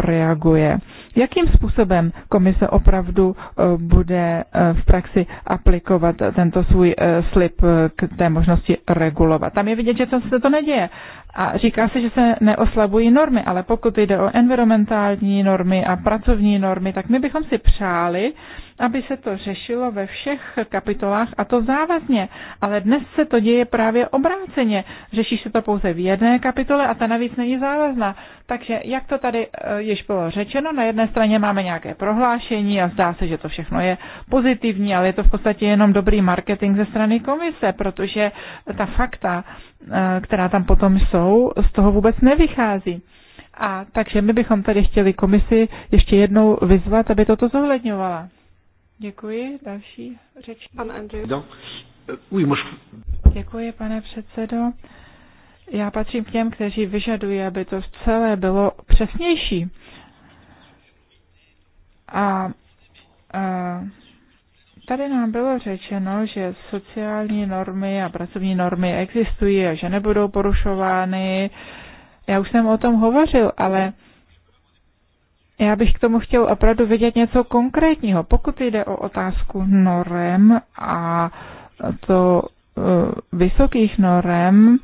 reaguje. Jakým způsobem komise opravdu eh, bude eh, v praxi aplikovat tento svůj eh, slib k té možnosti regulovat? Tam je vidět, že to se to neděje. A říká se, že se neoslabují normy, ale pokud jde o environmentální normy a pracovní normy, tak my bychom si přáli, aby se to řešilo ve všech kapitolách a to závazně. Ale dnes se to děje právě obráceně. Řeší se to pouze v jedné kapitole a ta navíc není závazná. Takže jak to tady eh, již bylo řečeno, na jedné straně máme nějaké prohlášení a zdá se, že to všechno je pozitivní, ale je to v podstatě jenom dobrý marketing ze strany komise, protože ta fakta, eh, která tam potom jsou, z toho vůbec nevychází. A takže my bychom tady chtěli komisi ještě jednou vyzvat, aby toto zohledňovala. Děkuji. Další řeč. Pan Andrew. Děkuji, pane předsedo. Já patřím k těm, kteří vyžadují, aby to celé bylo přesnější. A, a tady nám bylo řečeno, že sociální normy a pracovní normy existují a že nebudou porušovány. Já už jsem o tom hovořil, ale já bych k tomu chtěl opravdu vidět něco konkrétního. Pokud jde o otázku norem a to eh, vysokých norem,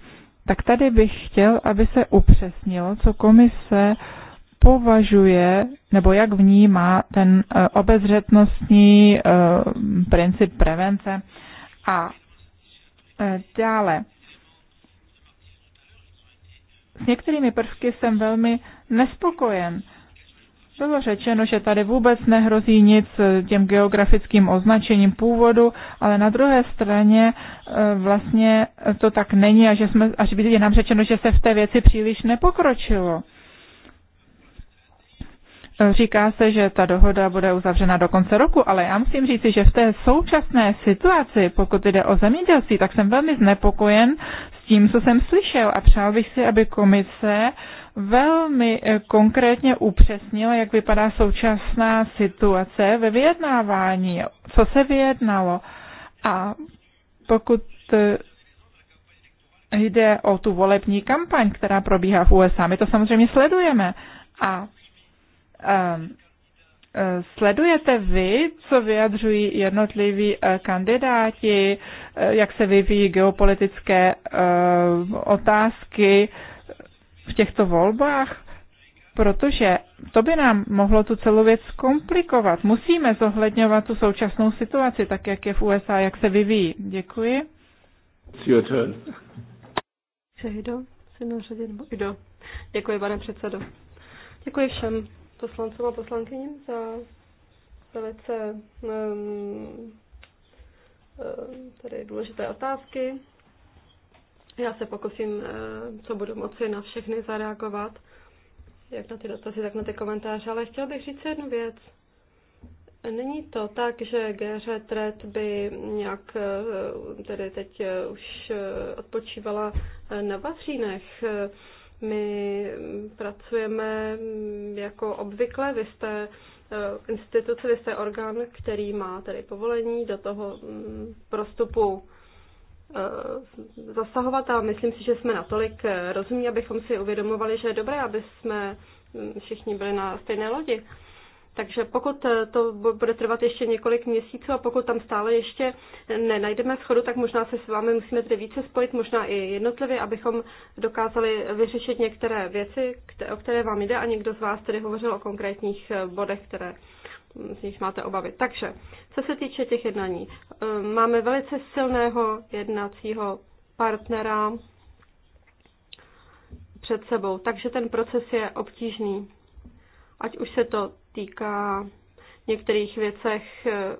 tak tady bych chtěl, aby se upřesnilo, co komise považuje nebo jak vnímá ten eh, obezřetnostní eh, princip prevence. A dále, s některými prvky jsem velmi nespokojen. Bylo řečeno, že tady vůbec nehrozí nic těm geografickým označením původu, ale na druhé straně e, vlastně to tak není a že jsme, až je nám řečeno, že se v té věci příliš nepokročilo. E, říká se, že ta dohoda bude uzavřena do konce roku, ale já musím říci, že v té současné situaci, pokud jde o zemědělství, tak jsem velmi znepokojen s tím, co jsem slyšel a přál bych si, aby komise uh, velmi eh, konkrétně upřesnil, jak vypadá současná situace ve vyjednávání, co se vyjednalo. A pokud eh, jde o tu volební kampaň, která probíhá v USA, my to samozřejmě sledujeme. A um, Sledujete vy, co vyjadřují jednotliví kandidáti, jak se vyvíjí geopolitické otázky, v těchto volbách? Protože to by nám mohlo tu celou věc komplikovat. Musíme zohledňovat tu současnou situaci, tak jak je v USA, jak se vyvíjí. Děkuji. jdu. Děkuji, pane předsedo. Děkuji všem poslancům a poslankyním za velice um, tady důležité otázky. Já se pokusím, eh, co budu moci, na všechny zareagovat, jak na ty dotazy, tak na ty komentáře, ale chtěla bych říct jednu věc. Není to tak, že GR Tret by nějak eh, tedy teď eh, už odpočívala na vařínech. My pracujeme mm, jako obvykle, vy jste instituce, vy jste orgán, který má tedy povolení do toho mm, prostupu Eh, zasahovat a myslím si, že jsme natolik eh, rozumí, abychom si uvědomovali, že je dobré, aby jsme mm, všichni byli na stejné lodi. Takže pokud eh, to bude trvat ještě několik měsíců a pokud tam stále ještě nenajdeme schodu, tak možná se s vámi musíme tedy více spojit, možná i jednotlivě, abychom dokázali vyřešit některé věci, o které vám jde a někdo z vás tedy hovořil o konkrétních bodech, které z nich máte obavy. Takže, co se týče těch jednání, eh, máme velice silného jednacího partnera před sebou, takže ten proces je obtížný. Ať už se to týká některých věcech, eh,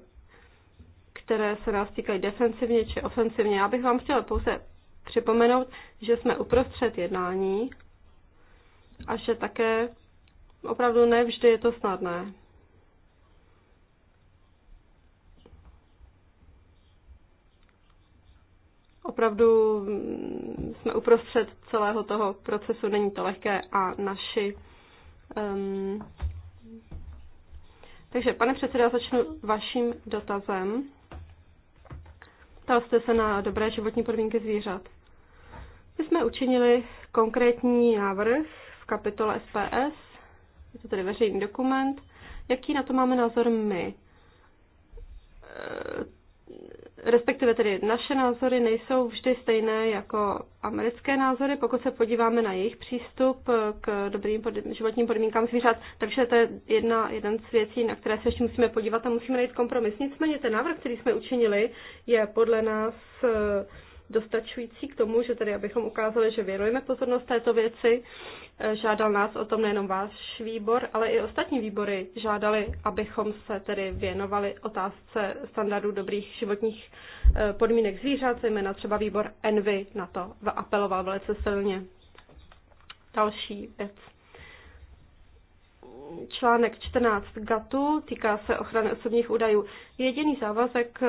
které se nás týkají defensivně či ofensivně. Já bych vám chtěla pouze připomenout, že jsme uprostřed jednání a že také opravdu nevždy je to snadné. opravdu mm, jsme uprostřed celého toho procesu, není to lehké a naši. Um, takže, pane předsedo, začnu vaším dotazem. Ptal jste se na dobré životní podmínky zvířat. My jsme učinili konkrétní návrh v kapitole SPS, je to tedy veřejný dokument, jaký na to máme názor my respektive tedy naše názory nejsou vždy stejné jako americké názory, pokud se podíváme na jejich přístup k dobrým pod, životním podmínkám zvířat. Takže to je jedna, jeden z věcí, na které se ještě musíme podívat a musíme najít kompromis. Nicméně ten návrh, který jsme učinili, je podle nás eh, dostačující k tomu, že tedy abychom ukázali, že věnujeme pozornost této věci. Eh, žádal nás o tom nejenom váš výbor, ale i ostatní výbory žádali, abychom se tedy věnovali otázce standardů dobrých životních eh, podmínek zvířat, zejména třeba výbor Envy na to apeloval velice silně. Další věc článek 14 GATU, týká se ochrany osobních údajů. Jediný závazek, eh,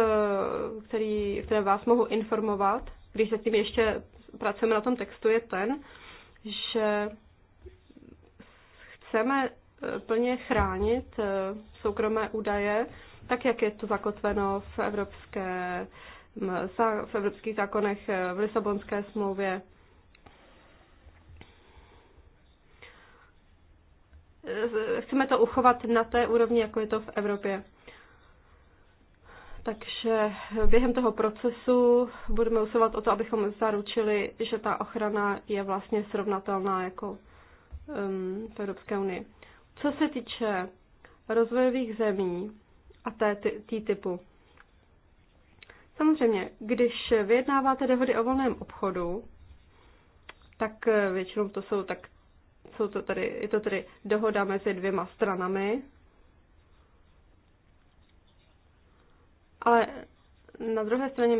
který, které vás mohu informovat, když zatím ještě pracujeme na tom textu, je ten, že chceme eh, plně chránit eh, soukromé údaje, tak jak je to zakotveno v evropské v evropských zákonech, v Lisabonské smlouvě. chceme to uchovat na té úrovni, jako je to v Evropě. Takže během toho procesu budeme usilovat o to, abychom zaručili, že ta ochrana je vlastně srovnatelná jako um, v Evropské unii. Co se týče rozvojových zemí a té, tý typu, samozřejmě, když vyjednáváte dohody o volném obchodu, tak eh, většinou to jsou tak jsou to tady, je to tedy dohoda mezi dvěma stranami. Ale na druhé straně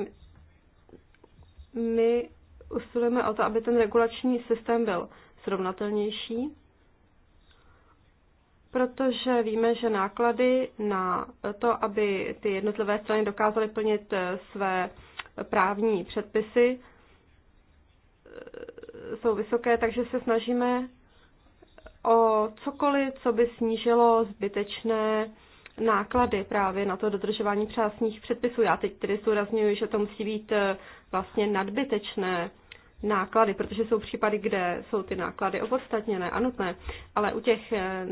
my usilujeme o to, aby ten regulační systém byl srovnatelnější, protože víme, že náklady na to, aby ty jednotlivé strany dokázaly plnit eh, své právní předpisy, eh, jsou vysoké, takže se snažíme o cokoliv, co by snížilo zbytečné náklady právě na to dodržování přásních předpisů. Já teď tedy zúraznuju, že to musí být eh, vlastně nadbytečné náklady, protože jsou případy, kde jsou ty náklady opodstatněné a nutné, ale u těch eh,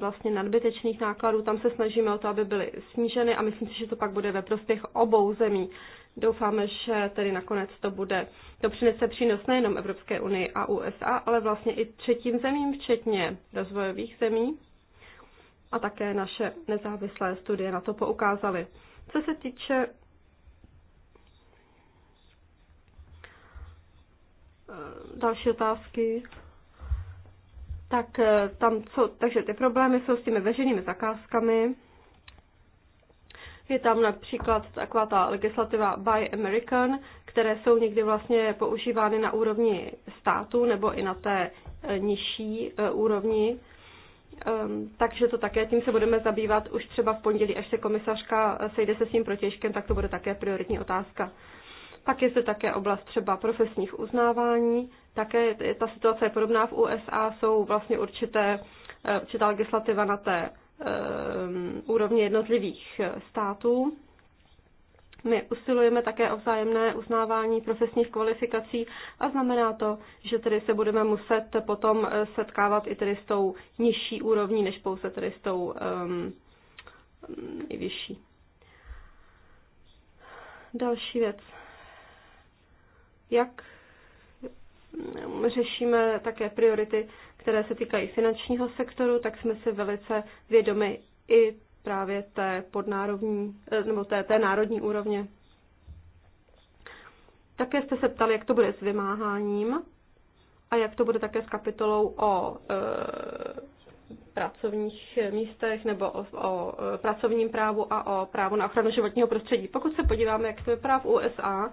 vlastně nadbytečných nákladů tam se snažíme o to, aby byly sníženy a myslím si, že to pak bude ve prospěch obou zemí. Doufáme, že tedy nakonec to bude, to přinese přínos nejenom Evropské unii a USA, ale vlastně i třetím zemím, včetně rozvojových zemí. A také naše nezávislé studie na to poukázaly. Co se týče eh, další otázky, tak eh, tam co, takže ty problémy jsou s těmi veřejnými zakázkami, je tam například taková ta legislativa Buy American, které jsou někdy vlastně používány na úrovni státu nebo i na té e, nižší e, úrovni. Ehm, takže to také, tím se budeme zabývat už třeba v pondělí, až se komisařka e, sejde se svým protěžkem, tak to bude také prioritní otázka. Pak je zde také oblast třeba profesních uznávání. Také ta situace je podobná v USA, jsou vlastně určité, určitá legislativa na té Eh, úrovně jednotlivých států. My usilujeme také o vzájemné uznávání profesních kvalifikací a znamená to, že tedy se budeme muset potom eh, setkávat i tedy s tou nižší úrovní, než pouze tedy s tou um, nejvyšší. vyšší. Další věc. Jak mm, řešíme také priority které se týkají finančního sektoru, tak jsme si velice vědomi i právě té podnárodní, eh, nebo té, té národní úrovně. Také jste se ptali, jak to bude s vymáháním a jak to bude také s kapitolou o e, pracovních místech nebo o, o eh, pracovním právu a o právu na ochranu životního prostředí. Pokud se podíváme, jak to je v USA,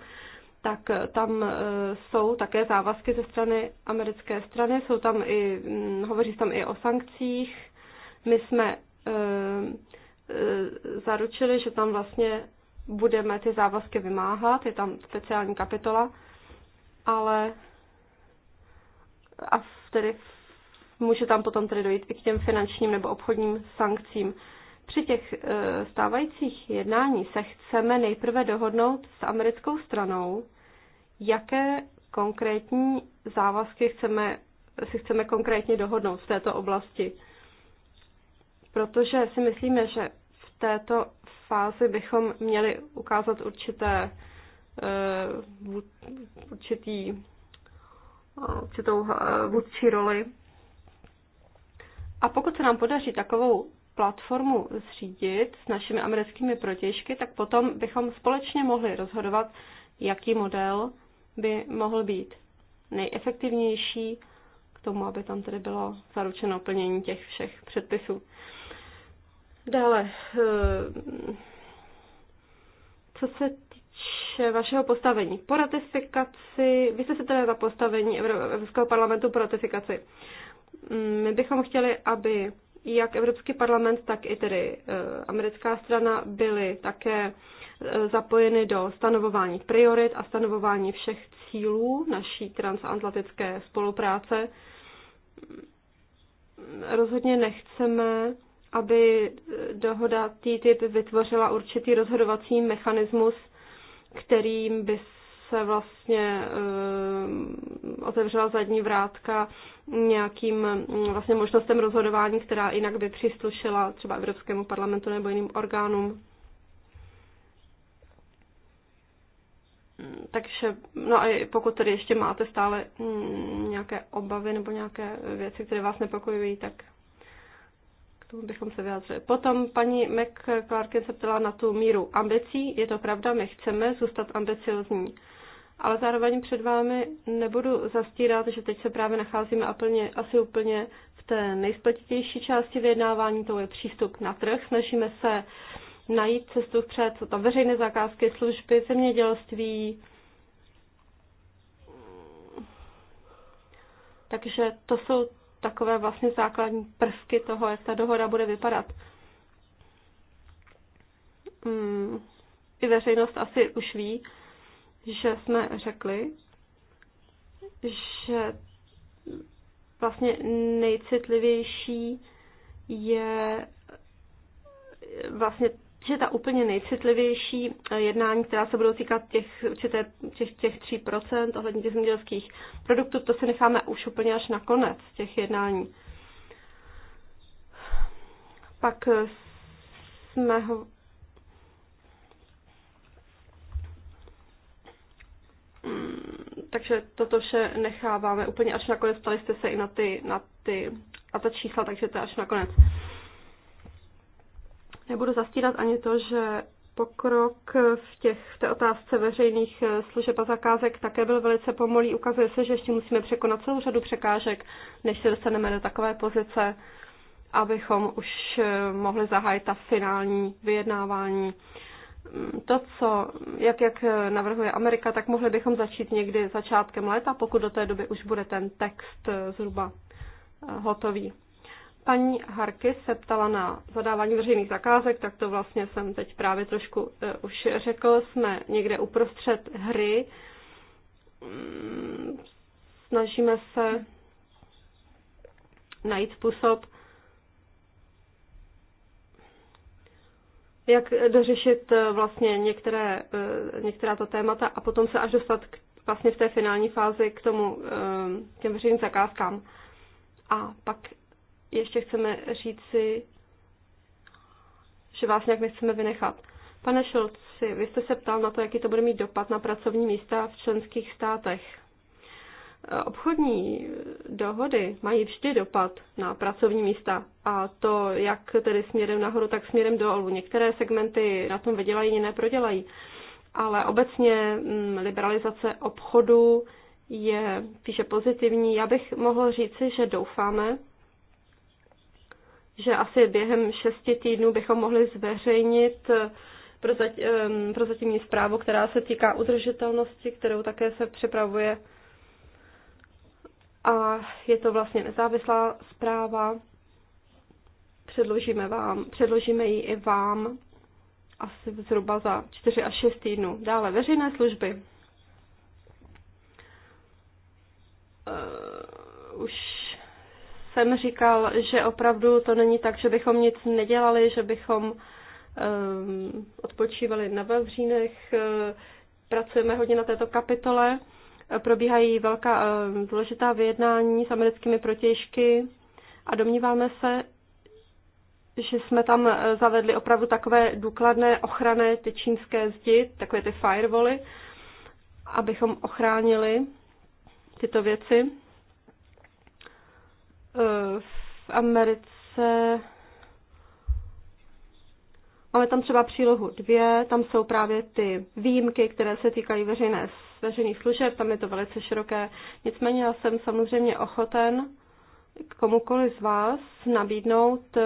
tak tam e, jsou také závazky ze strany americké strany, jsou tam i, mm, hovoří tam i o sankcích. My jsme e, e, zaručili, že tam vlastně budeme ty závazky vymáhat, je tam speciální kapitola, ale a tedy může tam potom tedy dojít i k těm finančním nebo obchodním sankcím. Při těch stávajících jednání se chceme nejprve dohodnout s americkou stranou, jaké konkrétní závazky chceme, si chceme konkrétně dohodnout v této oblasti. Protože si myslíme, že v této fázi bychom měli ukázat určité, eh, určitý, určitou eh, vůdčí roli. A pokud se nám podaří takovou platformu zřídit s našimi americkými protěžky, tak potom bychom společně mohli rozhodovat, jaký model by mohl být nejefektivnější k tomu, aby tam tedy bylo zaručeno plnění těch všech předpisů. Dále, eh, co se týče vašeho postavení po ratifikaci, vy jste se tedy za postavení Evropského parlamentu po ratifikaci. Mm, my bychom chtěli, aby jak Evropský parlament, tak i tedy eh, americká strana byly také Eh, zapojeny do stanovování priorit a stanovování všech cílů naší transatlantické spolupráce. Rozhodně nechceme, aby dohoda TTIP vytvořila určitý rozhodovací mechanismus, kterým by se vlastně uh, otevřela zadní vrátka nějakým mm, vlastně možnostem rozhodování, která jinak by příslušela třeba Evropskému parlamentu nebo jiným orgánům. takže, no a pokud tedy ještě máte stále mm, nějaké obavy nebo nějaké věci, které vás nepokojují, tak k tomu bychom se vyjádřili. Potom paní McClarkin se ptala na tu míru ambicí. Je to pravda, my chceme zůstat ambiciozní. Ale zároveň před vámi nebudu zastírat, že teď se právě nacházíme úplně, asi úplně v té nejspletitější části vyjednávání, to je přístup na trh. Snažíme se uh, najít cestu před, jsou tam veřejné zakázky, služby, zemědělství. Takže to jsou takové vlastně základní prvky toho, jak ta dohoda bude vypadat. Hmm. I veřejnost asi už ví, že jsme řekli, že vlastně nejcitlivější je vlastně že ta úplně nejcitlivější eh, jednání, která se budou týkat těch, určité, těch, těch 3% ohledně těch zemědělských produktů, to se necháme už úplně až na konec těch jednání. Pak eh, jsme ho... Hmm, takže toto vše necháváme úplně až nakonec. Ptali jste se i na ty, na ty a ta čísla, takže to je až nakonec. konec. Nebudu zastírat ani to, že pokrok v, těch, v té otázce veřejných eh, služeb a zakázek také byl velice pomalý. Ukazuje se, že ještě musíme překonat celou řadu překážek, než se dostaneme do takové pozice, abychom už eh, mohli zahájit ta finální vyjednávání. Mm, to, co, jak, jak eh, navrhuje Amerika, tak mohli bychom začít někdy začátkem léta, pokud do té doby už bude ten text zhruba hotový. Paní Harky se ptala na zadávání veřejných zakázek, tak to vlastně jsem teď právě trošku uh, už řekl. Jsme někde uprostřed hry. Mm, snažíme se najít způsob, jak dořešit eh, vlastně některé, eh, některá to témata a potom se až dostat k, vlastně v té finální fázi k tomu, těm veřejným zakázkám. A pak ještě chceme říci, že vás nějak nechceme vynechat. Pane Šolci, vy jste se ptal na to, jaký to bude mít dopad na pracovní místa v členských státech. Obchodní dohody mají vždy dopad na pracovní místa a to jak tedy směrem nahoru, tak směrem dolů. Některé segmenty na tom vydělají, jiné prodělají. Ale obecně mm, liberalizace obchodu je píše pozitivní. Já bych mohl říci, že doufáme, že asi během šesti týdnů bychom mohli zveřejnit eh, ehm, prozatímní zprávu, která se týká udržitelnosti, kterou také se připravuje. A je to vlastně nezávislá zpráva. Předložíme, vám, předložíme ji i vám asi zhruba za 4 až 6 týdnů. Dále veřejné služby. Uh, už jsem říkal, že opravdu to není tak, že bychom nic nedělali, že bychom um, odpočívali na Vavřínech, eh, pracujeme hodně na této kapitole, probíhají velká eh, důležitá vyjednání s americkými protěžky a domníváme se, že jsme tam zavedli opravdu takové důkladné ochranné ty čínské zdi, takové ty firewally, abychom ochránili tyto věci. Eh, v Americe Máme tam třeba přílohu dvě, tam jsou právě ty výjimky, které se týkají veřejné, veřejných služeb, tam je to velice široké. Nicméně já jsem samozřejmě ochoten komukoli z vás nabídnout eh,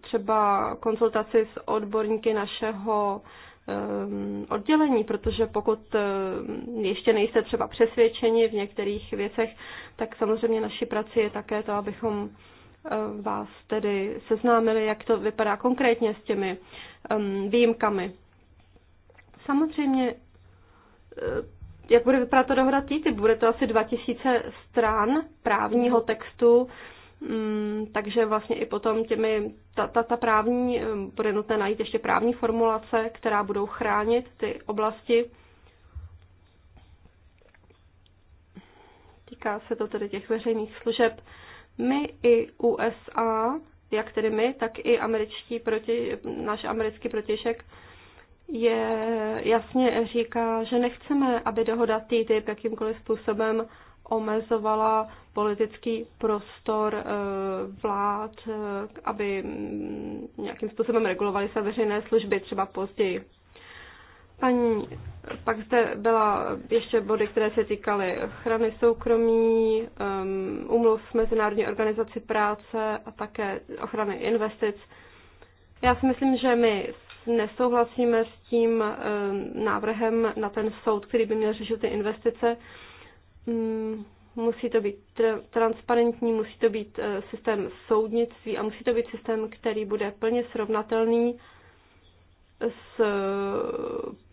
třeba konzultaci s odborníky našeho Eh, oddělení, protože pokud eh, ještě nejste třeba přesvědčeni v některých věcech, tak samozřejmě naší prací je také to, abychom eh, vás tedy seznámili, jak to vypadá konkrétně s těmi výjimkami. Samozřejmě, jak bude vypadat to dohoda TTIP, bude to asi 2000 stran právního textu, Mm, takže vlastně i potom těmi, ta, ta, ta právní, mm, bude nutné najít ještě právní formulace, která budou chránit ty oblasti. Týká se to tedy těch veřejných služeb. My i USA, jak tedy my, tak i američtí proti, náš americký protěžek je jasně říká, že nechceme, aby dohoda TTIP jakýmkoliv způsobem omezovala politický prostor eh, vlád, eh, aby mm, nějakým způsobem regulovaly se veřejné služby třeba později. Paní, pak zde byla ještě body, které se týkaly ochrany soukromí, umluv ehm, Mezinárodní organizaci práce a také ochrany investic. Já si myslím, že my nesouhlasíme s tím ehm, návrhem na ten soud, který by měl řešit ty investice, Mm, musí to být tr- transparentní, musí to být uh, systém soudnictví a musí to být systém, který bude plně srovnatelný s eh,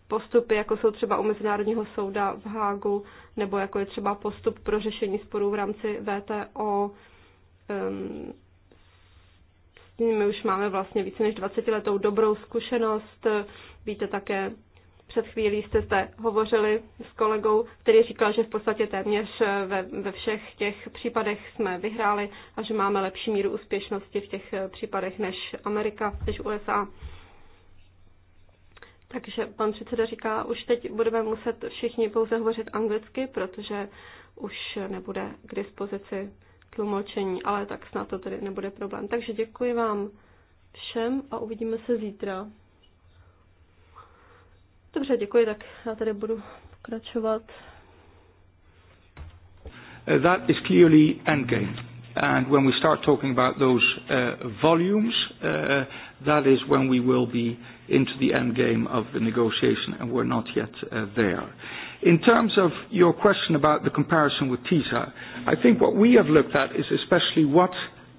postupy, jako jsou třeba u Mezinárodního souda v Hágu, nebo jako je třeba postup pro řešení sporů v rámci VTO. Um, ehm, my už máme vlastně více než 20 letou dobrou zkušenost. Víte také, před chvílí jste se hovořili s kolegou, který říkal, že v podstatě téměř eh, ve, ve všech těch případech jsme vyhráli a že máme lepší míru úspěšnosti v těch eh, případech než Amerika, než USA. Takže pan předseda říká, už teď budeme muset všichni pouze hovořit anglicky, protože už nebude k dispozici tlumočení, ale tak snad to tedy nebude problém. Takže děkuji vám všem a uvidíme se zítra. Dobře, děkuji, tak já tady budu pokračovat. Uh, that is clearly endgame. And when we start talking about those uh, volumes, uh, that is when we will be into the end game of the negotiation, and we're not yet uh, there. In terms of your question about the comparison with TISA, I think what we have looked at is especially what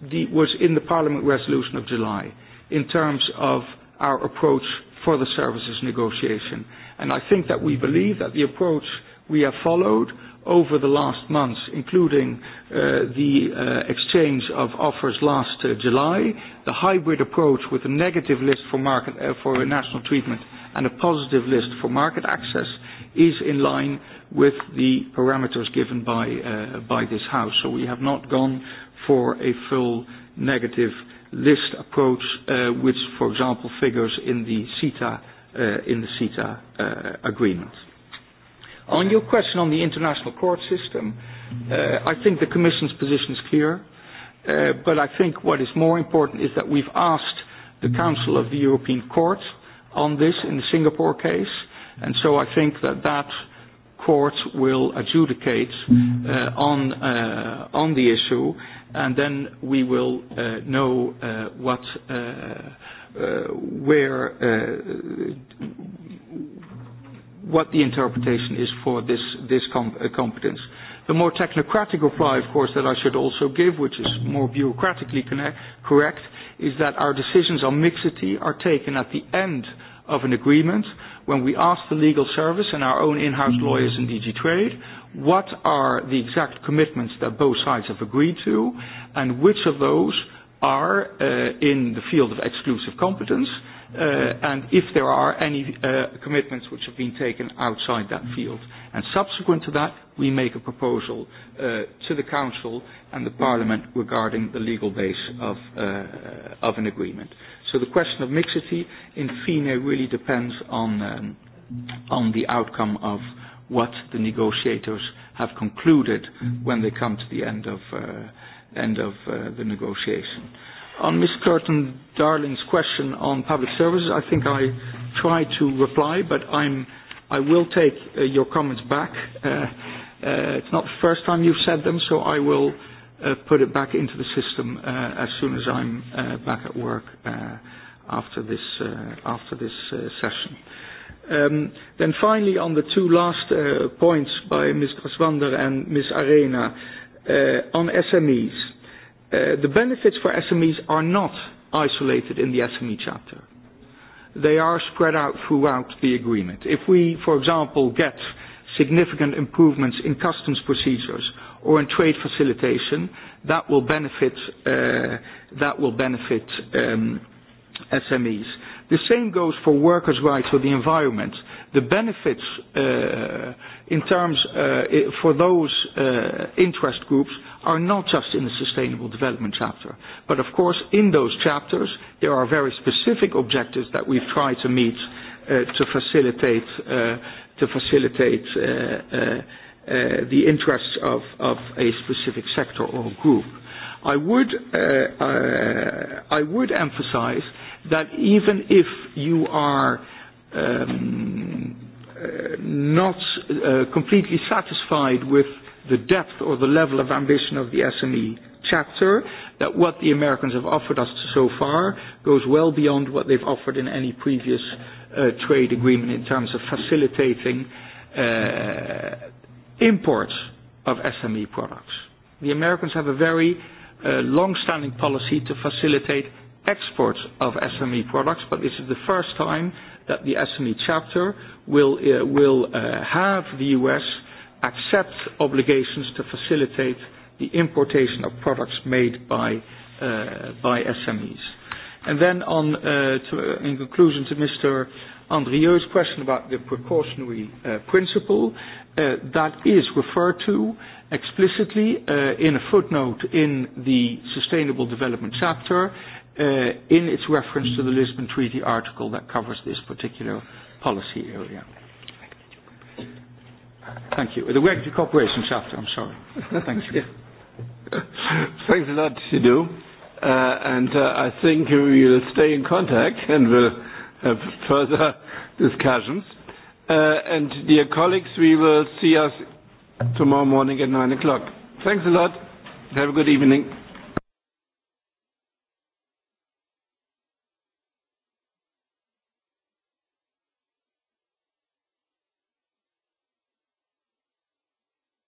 the, was in the Parliament resolution of July in terms of our approach for the services negotiation. And I think that we mm-hmm. believe that the approach we have followed over the last months, including uh, the uh, exchange of offers last uh, July, the hybrid approach with a negative list for, market, uh, for national treatment and a positive list for market access, is in line with the parameters given by, uh, by this House. So we have not gone for a full negative list approach, uh, which, for example, figures in the CETA, uh, in the CETA uh, agreement. On your question on the international court system, uh, I think the Commission's position is clear, uh, but I think what is more important is that we've asked the Council of the European Court on this in the Singapore case, and so I think that that court will adjudicate uh, on, uh, on the issue and then we will uh, know uh, what uh, uh, where uh, what the interpretation is for this this com- uh, competence. The more technocratic reply, of course, that I should also give, which is more bureaucratically connect- correct, is that our decisions on mixity are taken at the end of an agreement when we asked the legal service and our own in-house lawyers in DG Trade, what are the exact commitments that both sides have agreed to, and which of those are uh, in the field of exclusive competence, uh, and if there are any uh, commitments which have been taken outside that field. And subsequent to that, we make a proposal uh, to the Council and the Parliament regarding the legal base of, uh, of an agreement. So the question of mixity in FINE really depends on, um, on the outcome of what the negotiators have concluded when they come to the end of, uh, end of uh, the negotiation. On Ms. Curtin Darling's question on public services, I think I tried to reply, but I'm, I will take uh, your comments back. Uh, uh, it's not the first time you've said them, so I will uh, put it back into the system uh, as soon as I'm uh, back at work uh, after this uh, after this uh, session. Um, then finally, on the two last uh, points by Ms. Graswander and Ms. Arena uh, on SMEs, uh, the benefits for SMEs are not isolated in the SME chapter. They are spread out throughout the agreement. If we, for example, get significant improvements in customs procedures or in trade facilitation, that will benefit, uh, that will benefit um, SMEs. The same goes for workers' rights or the environment. The benefits uh, in terms uh, for those uh, interest groups are not just in the sustainable development chapter. But of course, in those chapters, there are very specific objectives that we've tried to meet uh, to facilitate, uh, to facilitate uh, uh, Uh, the interests of, of a specific sector or group. I would, uh, uh, I would emphasize that even if you are um, uh, not uh, completely satisfied with the depth or the level of ambition of the SME chapter, that what the Americans have offered us so far goes well beyond what they've offered in any previous uh, trade agreement in terms of facilitating uh, imports of SME products. The Americans have a very uh, long-standing policy to facilitate exports of SME products, but this is the first time that the SME chapter will, uh, will uh, have the U.S. accept obligations to facilitate the importation of products made by, uh, by SMEs. And then on, uh, to, uh, in conclusion to Mr. Andrieu's question about the precautionary uh, principle, Uh, that is referred to explicitly uh, in a footnote in the Sustainable Development chapter uh, in its reference to the Lisbon Treaty article that covers this particular policy area. Thank you. The regulatory cooperation chapter, I'm sorry. Thank you. Thanks a lot, Sidhu. Uh, and uh, I think we will stay in contact and we'll have further discussions. Uh, and dear colleagues, we will see us tomorrow morning at 9 o'clock. Thanks a lot. Have a good evening.